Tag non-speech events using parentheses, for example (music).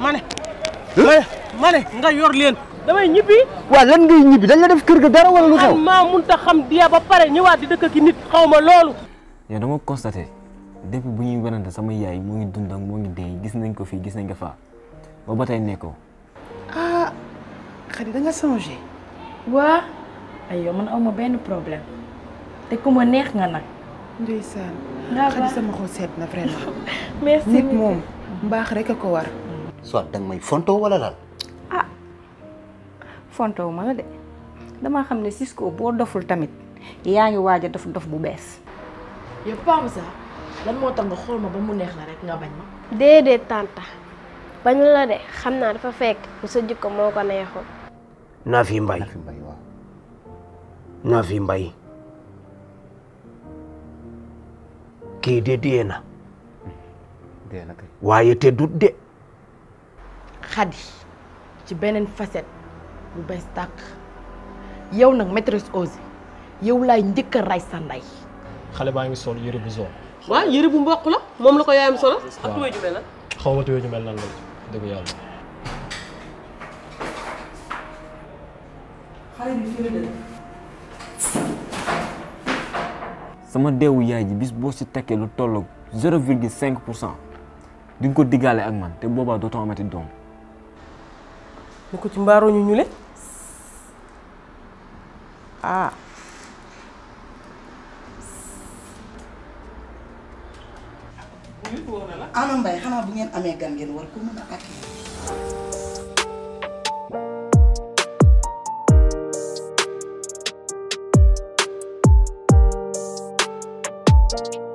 mané mané nga yor leen damay ñibbi wa lan ngay ñibbi dañ la def kër ga dara wala lu xew ma munta xam dia ba paré ñëwaat di dëkk ki nit xawma loolu ya dama constater depuis bu ñuy wënante sama yaay mo ngi dund ak mo ngi dee gis nañ ko fi gis nañ ko fa ba batay nekko ah xadi da nga changer wa ayo man awma ben problème te kuma neex nga nak ndeysaan xadi sama xol set na vraiment (laughs) merci nit mom mbax rek ko war soit danga may fontoo wala laal. ah fontoo ma la de damaa xam ne Cisco boo doful tamit yaa ngi waaj a dof dof bu bees. yow Pa lan moo tax nga xool mu neex la rek nga bañ ma. déedéet tanta bañ de xam naa dafa fekk bu sa jikko moo ko neexul. naa fi mbay naa fi mbay kii de waaye te dut de. xadi ci beneen facette bu bees tàkk yow nag maîtresse Ozé yow laay njëkk a sa ndey. xale baa ngi sol yëre bu zone. waaw yére bu mboq la moom la ko yaayam solo. waaw ak ju mel nan. xaw ma ju mel nan la dëgg yàlla. sama deewu yaay ji bis boo ci tekkee lu tolloog zéro virgule cinq pour cent di ko diggaale ak man te boobaa dootoo amati doom. ni ko ci mbaaroo ñu ñule ah Ama Mbaye xanaa bu ngeen amee gan war ko mën a accueillir